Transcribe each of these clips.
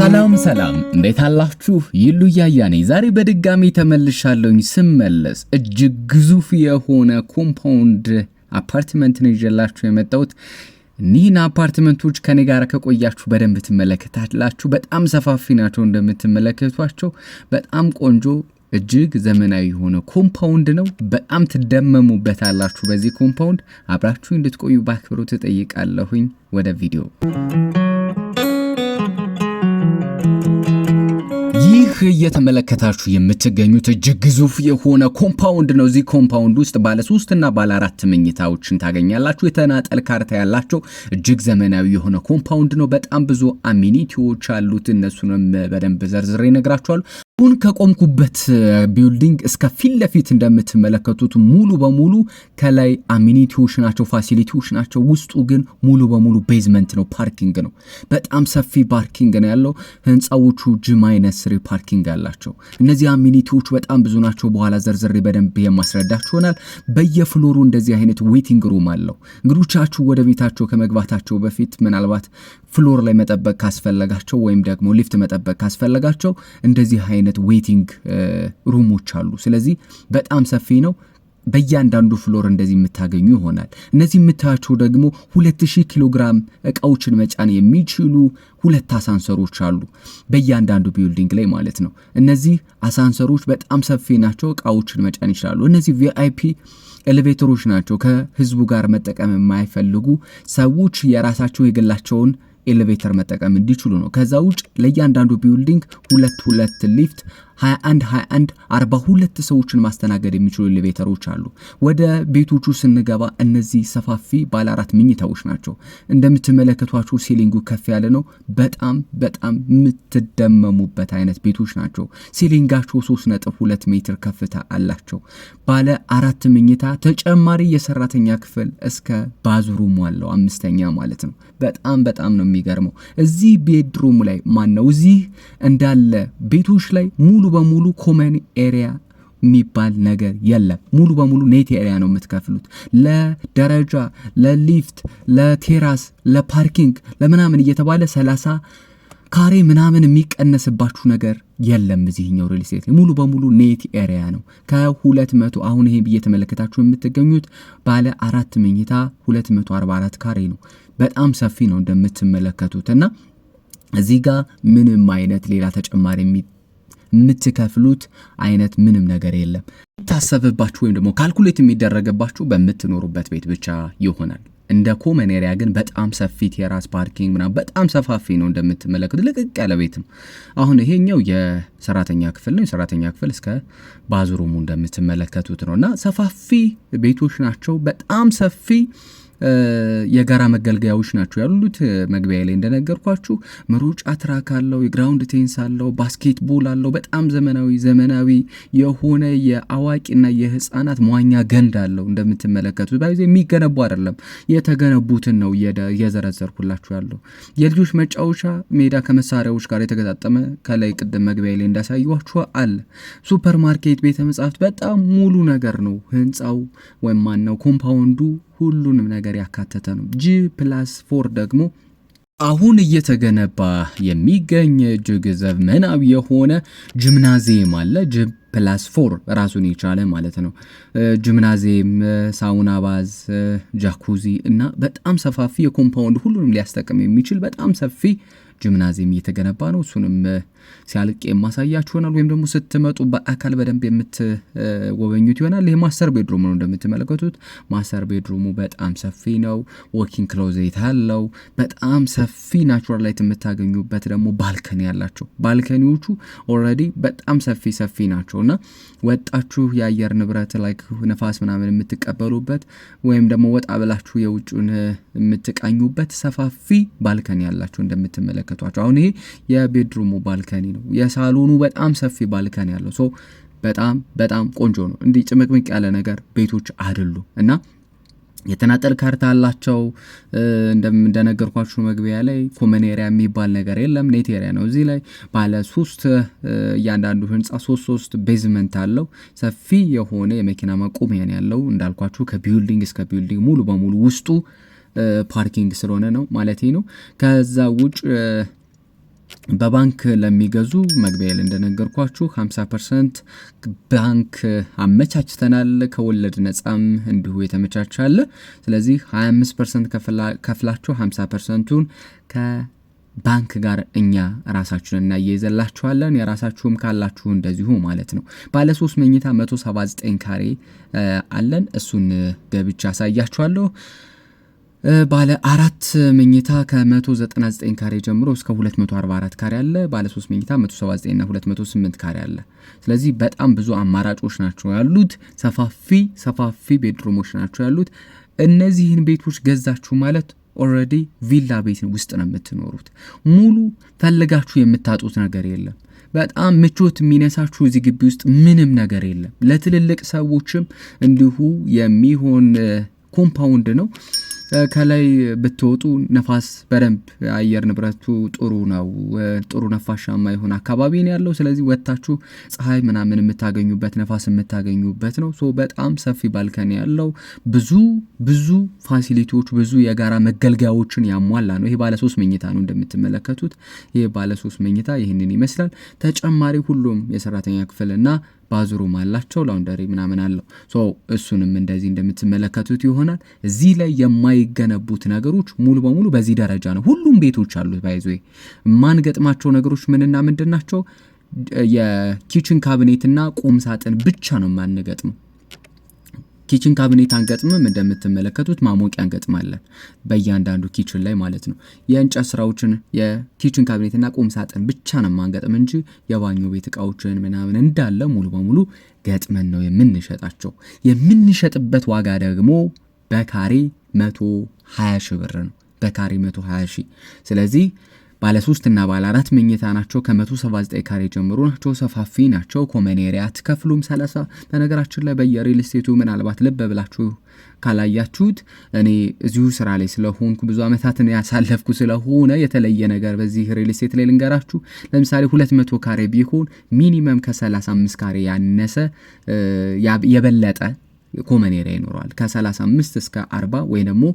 ሰላም ሰላም፣ እንዴት አላችሁ? ይሉ ያያኔ ዛሬ በድጋሚ ተመልሻለሁኝ። ስመለስ እጅግ ግዙፍ የሆነ ኮምፓውንድ አፓርትመንት ነው ይዤላችሁ የመጣሁት። እኒህን አፓርትመንቶች ከኔ ጋር ከቆያችሁ በደንብ ትመለከታላችሁ። በጣም ሰፋፊ ናቸው እንደምትመለከቷቸው፣ በጣም ቆንጆ እጅግ ዘመናዊ የሆነ ኮምፓውንድ ነው። በጣም ትደመሙበታላችሁ። በዚህ ኮምፓውንድ አብራችሁ እንድትቆዩ በአክብሮት እጠይቃለሁኝ። ወደ ቪዲዮ ይህ እየተመለከታችሁ የምትገኙት እጅግ ግዙፍ የሆነ ኮምፓውንድ ነው። እዚህ ኮምፓውንድ ውስጥ ባለ ሶስት እና ባለ አራት መኝታዎችን ታገኛላችሁ። የተናጠል ካርታ ያላቸው እጅግ ዘመናዊ የሆነ ኮምፓውንድ ነው። በጣም ብዙ አሚኒቲዎች አሉት። እነሱንም በደንብ ዘርዝሬ እነግራችኋለሁ። አሁን ከቆምኩበት ቢልዲንግ እስከ ፊት ለፊት እንደምትመለከቱት ሙሉ በሙሉ ከላይ አሚኒቲዎች ናቸው፣ ፋሲሊቲዎች ናቸው። ውስጡ ግን ሙሉ በሙሉ ቤዝመንት ነው፣ ፓርኪንግ ነው። በጣም ሰፊ ፓርኪንግ ነው ያለው። ህንፃዎቹ ጂ ማይነስ ስሪ ፓርኪንግ አላቸው። እነዚህ አሚኒቲዎች በጣም ብዙ ናቸው። በኋላ ዘርዝሬ በደንብ የማስረዳችሁ ይሆናል። በየፍሎሩ እንደዚህ አይነት ዌቲንግ ሩም አለው። እንግዶቻችሁ ወደ ቤታቸው ከመግባታቸው በፊት ምናልባት ፍሎር ላይ መጠበቅ ካስፈለጋቸው ወይም ደግሞ ሊፍት መጠበቅ ካስፈለጋቸው እንደዚህ አይነት ዌቲንግ ሩሞች uh, አሉ። ስለዚህ በጣም ሰፊ ነው። በእያንዳንዱ ፍሎር እንደዚህ የምታገኙ ይሆናል። እነዚህ የምታያቸው ደግሞ 2000 ኪሎ ግራም እቃዎችን መጫን የሚችሉ ሁለት አሳንሰሮች አሉ፣ በእያንዳንዱ ቢልዲንግ ላይ ማለት ነው። እነዚህ አሳንሰሮች በጣም ሰፊ ናቸው፣ እቃዎችን መጫን ይችላሉ። እነዚህ ቪአይፒ ኤሌቬተሮች ናቸው፣ ከህዝቡ ጋር መጠቀም የማይፈልጉ ሰዎች የራሳቸው የግላቸውን ኤሌቬተር መጠቀም እንዲችሉ ነው። ከዛ ውጭ ለእያንዳንዱ ቢውልዲንግ ሁለት ሁለት ሊፍት 21 21 42 ሰዎችን ማስተናገድ የሚችሉ ኤሌቬተሮች አሉ። ወደ ቤቶቹ ስንገባ እነዚህ ሰፋፊ ባለ አራት ምኝታዎች ናቸው። እንደምትመለከቷቸው ሲሊንጉ ከፍ ያለ ነው። በጣም በጣም የምትደመሙበት አይነት ቤቶች ናቸው። ሴሊንጋቸው 3.2 ሜትር ከፍታ አላቸው። ባለ አራት ምኝታ ተጨማሪ የሰራተኛ ክፍል እስከ ባዙሩም አለው፣ አምስተኛ ማለት ነው። በጣም በጣም ነው የሚገርመው። እዚህ ቤድሩም ላይ ማን ነው እዚህ እንዳለ ቤቶች ላይ ሙሉ ሙሉ በሙሉ ኮመን ኤሪያ የሚባል ነገር የለም። ሙሉ በሙሉ ኔት ኤሪያ ነው የምትከፍሉት። ለደረጃ፣ ለሊፍት፣ ለቴራስ፣ ለፓርኪንግ፣ ለምናምን እየተባለ ሰላሳ ካሬ ምናምን የሚቀነስባችሁ ነገር የለም። እዚህኛው ሪል ስቴት ሙሉ በሙሉ ኔት ኤሪያ ነው። ከሁለት መቶ አሁን ይሄ እየተመለከታችሁ የምትገኙት ባለ አራት መኝታ 244 ካሬ ነው። በጣም ሰፊ ነው እንደምትመለከቱት እና እዚህ ጋር ምንም አይነት ሌላ ተጨማሪ የምትከፍሉት አይነት ምንም ነገር የለም። ታሰብባችሁ ወይም ደግሞ ካልኩሌት የሚደረግባችሁ በምትኖሩበት ቤት ብቻ ይሆናል። እንደ ኮመን ኤሪያ ግን በጣም ሰፊ ቴራስ ፓርኪንግ ምናምን በጣም ሰፋፊ ነው። እንደምትመለከቱ ልቅቅ ያለ ቤት ነው። አሁን ይሄኛው የሰራተኛ ክፍል ነው። የሰራተኛ ክፍል እስከ ባዝሩሙ እንደምትመለከቱት ነው እና ሰፋፊ ቤቶች ናቸው። በጣም ሰፊ የጋራ መገልገያዎች ናቸው ያሉት። መግቢያ ላይ እንደነገርኳችሁ መሮጫ ትራክ አለው፣ የግራውንድ ቴኒስ አለው፣ ባስኬትቦል አለው። በጣም ዘመናዊ ዘመናዊ የሆነ የአዋቂና የህፃናት መዋኛ ገንድ አለው። እንደምትመለከቱት ባይዜ የሚገነቡ አይደለም የተገነቡትን ነው እየዘረዘርኩላችሁ ያለው። የልጆች መጫወቻ ሜዳ ከመሳሪያዎች ጋር የተገጣጠመ ከላይ ቅድም መግቢያ ላይ እንዳሳዩችሁ አለ። ሱፐር ማርኬት፣ ቤተ መጻሕፍት በጣም ሙሉ ነገር ነው ህንፃው ወይም ማነው ኮምፓውንዱ ሁሉንም ነገር ያካተተ ነው። ጂ ፕላስ ፎር ደግሞ አሁን እየተገነባ የሚገኝ እጅግ ዘመናዊ የሆነ ጅምናዚየም አለ። ጂ ፕላስ ፎር ራሱን የቻለ ማለት ነው። ጅምናዚየም፣ ሳውና ባዝ፣ ጃኩዚ እና በጣም ሰፋፊ የኮምፓውንድ ሁሉንም ሊያስጠቅም የሚችል በጣም ሰፊ ጅምናዚየም እየተገነባ ነው። እሱንም ሲያልቅ የማሳያችሁ ይሆናል። ወይም ደግሞ ስትመጡ በአካል በደንብ የምትጎበኙት ይሆናል። ይህ ማስተር ቤድሩም ነው እንደምትመለከቱት። ማስተር ቤድሩሙ በጣም ሰፊ ነው። ወኪንግ ክሎዜት አለው። በጣም ሰፊ ናቹራል ላይት የምታገኙበት ደግሞ ባልከኒ ያላቸው ባልከኒዎቹ ኦልሬዲ በጣም ሰፊ ሰፊ ናቸው እና ወጣችሁ የአየር ንብረት ላይ ነፋስ ምናምን የምትቀበሉበት ወይም ደግሞ ወጣ ብላችሁ የውጭን የምትቃኙበት ሰፋፊ ባልከኒ ያላቸው እንደምትመለከቷቸው አሁን ይሄ የቤድሩሙ ባልከኒ ባልከኒ ነው። የሳሎኑ በጣም ሰፊ ባልከኒ ያለው ሶ በጣም በጣም ቆንጆ ነው። እንዲህ ጭምቅምቅ ያለ ነገር ቤቶች አይደሉ እና የተናጠል ካርታ አላቸው። እንደነገርኳችሁ መግቢያ ላይ ኮመን ኤሪያ የሚባል ነገር የለም፣ ኔት ኤሪያ ነው። እዚህ ላይ ባለ ሶስት እያንዳንዱ ህንፃ ሶስት ሶስት ቤዝመንት አለው። ሰፊ የሆነ የመኪና መቆሚያን ያለው እንዳልኳችሁ ከቢውልዲንግ እስከ ቢውልዲንግ ሙሉ በሙሉ ውስጡ ፓርኪንግ ስለሆነ ነው ማለት ነው። ከዛ ውጭ በባንክ ለሚገዙ መግቢያ ላይ እንደነገርኳችሁ 50 ባንክ አመቻችተናል። ከወለድ ነጻም እንዲሁ የተመቻቸ አለ። ስለዚህ 25 ከፍላችሁ 50%ቱን ፐርሰንቱን ባንክ ጋር እኛ ራሳችሁን እናያይዘላችኋለን። የራሳችሁም ካላችሁ እንደዚሁ ማለት ነው። ባለ 3 መኝታ 179 ካሬ አለን። እሱን ገብቻ አሳያችኋለሁ። ባለ አራት መኝታ ከ199 ካሬ ጀምሮ እስከ 244 ካሬ አለ። ባለ 3 መኝታ 179 እና 208 ካሬ አለ። ስለዚህ በጣም ብዙ አማራጮች ናቸው ያሉት። ሰፋፊ ሰፋፊ ቤድሩሞች ናቸው ያሉት። እነዚህን ቤቶች ገዛችሁ ማለት ኦልሬዲ ቪላ ቤት ውስጥ ነው የምትኖሩት። ሙሉ ፈልጋችሁ የምታጡት ነገር የለም። በጣም ምቾት የሚነሳችሁ እዚህ ግቢ ውስጥ ምንም ነገር የለም። ለትልልቅ ሰዎችም እንዲሁ የሚሆን ኮምፓውንድ ነው። ከላይ ብትወጡ ነፋስ በደንብ አየር ንብረቱ ጥሩ ነው። ጥሩ ነፋሻማ የሆነ አካባቢ ነው ያለው። ስለዚህ ወጥታችሁ ፀሐይ ምናምን የምታገኙበት ነፋስ የምታገኙበት ነው። ሶ በጣም ሰፊ ባልከን ያለው ብዙ ብዙ ፋሲሊቲዎች ብዙ የጋራ መገልገያዎችን ያሟላ ነው። ይሄ ባለሶስት መኝታ ነው እንደምትመለከቱት። ይሄ ባለሶስት መኝታ ይህንን ይመስላል። ተጨማሪ ሁሉም የሰራተኛ ክፍል እና ባዙሩም አላቸው ላውንደሪ ምናምን አለው። ሶ እሱንም እንደዚህ እንደምትመለከቱት ይሆናል። እዚህ ላይ የማይገነቡት ነገሮች ሙሉ በሙሉ በዚህ ደረጃ ነው። ሁሉም ቤቶች አሉት። ባይዞ የማንገጥማቸው ነገሮች ምንና ምንድን ናቸው? የኪችን ካቢኔትና ቁም ሳጥን ብቻ ነው የማንገጥመው። ኪችን ካቢኔት አንገጥምም። እንደምትመለከቱት ማሞቂያ እንገጥማለን በእያንዳንዱ ኪችን ላይ ማለት ነው። የእንጨት ስራዎችን የኪችን ካቢኔትና ቁም ሳጥን ብቻ ነው ማንገጥም እንጂ የባኞ ቤት እቃዎችን ምናምን እንዳለ ሙሉ በሙሉ ገጥመን ነው የምንሸጣቸው። የምንሸጥበት ዋጋ ደግሞ በካሬ መቶ ሀያ ሺህ ብር ነው። በካሬ መቶ ሀያ ሺህ ስለዚህ ባለ ሶስት እና ባለ አራት መኝታ ናቸው። ከ179 ካሬ ጀምሮ ናቸው። ሰፋፊ ናቸው። ኮመኔሪያ ትከፍሉም አትከፍሉም 30 በነገራችን ላይ በየሪል ስቴቱ ምናልባት ልብ ብላችሁ ካላያችሁት እኔ እዚሁ ስራ ላይ ስለሆንኩ ብዙ አመታትን ያሳለፍኩ ስለሆነ የተለየ ነገር በዚህ ሪል ስቴት ላይ ልንገራችሁ። ለምሳሌ 200 ካሬ ቢሆን ሚኒመም ከ35 ካሬ ያነሰ የበለጠ ኮመኔሪያ ይኖረዋል። ከ35 እስከ 40 ወይ ደግሞ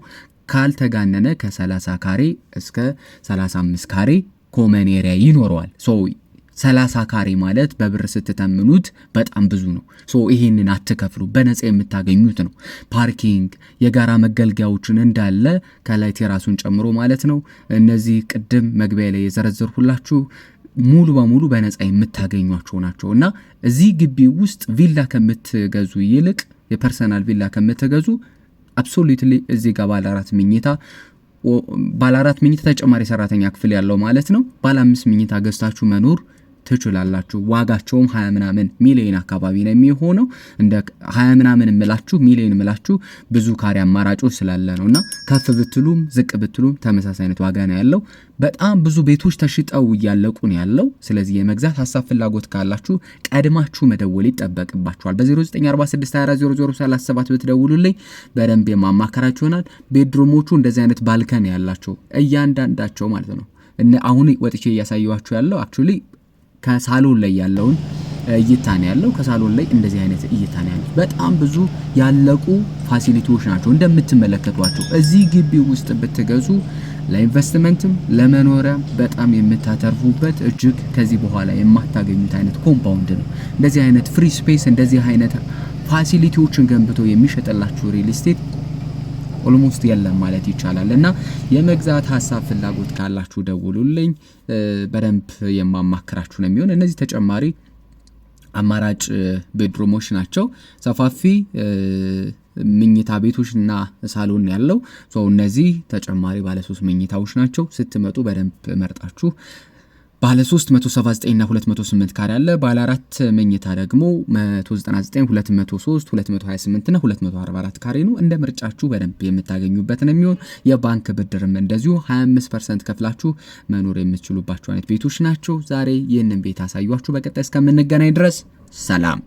ካልተጋነነ ከ30 ካሬ እስከ 35 ካሬ ኮመን ኤሪያ ይኖረዋል። ሶ 30 ካሬ ማለት በብር ስትተምኑት በጣም ብዙ ነው። ሶ ይሄንን አትከፍሉ፣ በነፃ የምታገኙት ነው። ፓርኪንግ፣ የጋራ መገልገያዎችን እንዳለ ከላይ ቴራሱን ጨምሮ ማለት ነው። እነዚህ ቅድም መግቢያ ላይ የዘረዘርኩላችሁ ሙሉ በሙሉ በነፃ የምታገኟቸው ናቸው እና እዚህ ግቢ ውስጥ ቪላ ከምትገዙ ይልቅ የፐርሰናል ቪላ ከምትገዙ አብሶሉትሊ እዚህ ጋር ባለ አራት ምኝታ ባለ ምኝታ ተጨማሪ ሰራተኛ ክፍል ያለው ማለት ነው። ባለ አምስት ምኝታ ገዝታችሁ መኖር ትችላላችሁ። ዋጋቸውም ሀያ ምናምን ሚሊዮን አካባቢ ነው የሚሆነው። እንደ ሀያ ምናምን ምላችሁ ሚሊዮን ምላችሁ ብዙ ካሬ አማራጮች ስላለ ነው እና ከፍ ብትሉም ዝቅ ብትሉም ተመሳሳይ አይነት ዋጋ ነው ያለው። በጣም ብዙ ቤቶች ተሽጠው እያለቁ ነው ያለው። ስለዚህ የመግዛት ሀሳብ ፍላጎት ካላችሁ ቀድማችሁ መደወል ይጠበቅባችኋል። በ0946240037 ብትደውሉልኝ በደንብ የማማከራችሁ ይሆናል። ቤድሮሞቹ እንደዚህ አይነት ባልከን ያላቸው እያንዳንዳቸው ማለት ነው። አሁን ወጥቼ እያሳየዋችሁ ያለው አክቹዋሊ ከሳሎን ላይ ያለውን እይታ ነው ያለው። ከሳሎን ላይ እንደዚህ አይነት እይታ ነው ያለው። በጣም ብዙ ያለቁ ፋሲሊቲዎች ናቸው እንደምትመለከቷቸው። እዚህ ግቢ ውስጥ ብትገዙ ለኢንቨስትመንትም ለመኖሪያ በጣም የምታተርፉበት እጅግ ከዚህ በኋላ የማታገኙት አይነት ኮምፓውንድ ነው። እንደዚህ አይነት ፍሪ ስፔስ እንደዚህ አይነት ፋሲሊቲዎችን ገንብቶ የሚሸጥላችሁ ሪል ስቴት ኦልሞስት የለም ማለት ይቻላል። እና የመግዛት ሀሳብ ፍላጎት ካላችሁ ደውሉልኝ፣ በደንብ የማማክራችሁ ነው የሚሆን። እነዚህ ተጨማሪ አማራጭ ቤድሮሞች ናቸው። ሰፋፊ ምኝታ ቤቶች እና ሳሎን ያለው ሰው እነዚህ ተጨማሪ ባለሶስት መኝታዎች ናቸው። ስትመጡ በደንብ መርጣችሁ ባለ 3 179ና 208 ካሬ አለ። ባለ 4 መኝታ ደግሞ 199፣ 203፣ እና 244 ካሬ ነው። እንደ ምርጫችሁ በደንብ የምታገኙበት ነው የሚሆን የባንክ ብድርም እንደዚሁ 25% ከፍላችሁ መኖር የምትችሉባቸው አይነት ቤቶች ናቸው። ዛሬ ይህንን ቤት አሳያችሁ። በቀጣይ እስከምንገናኝ ድረስ ሰላም።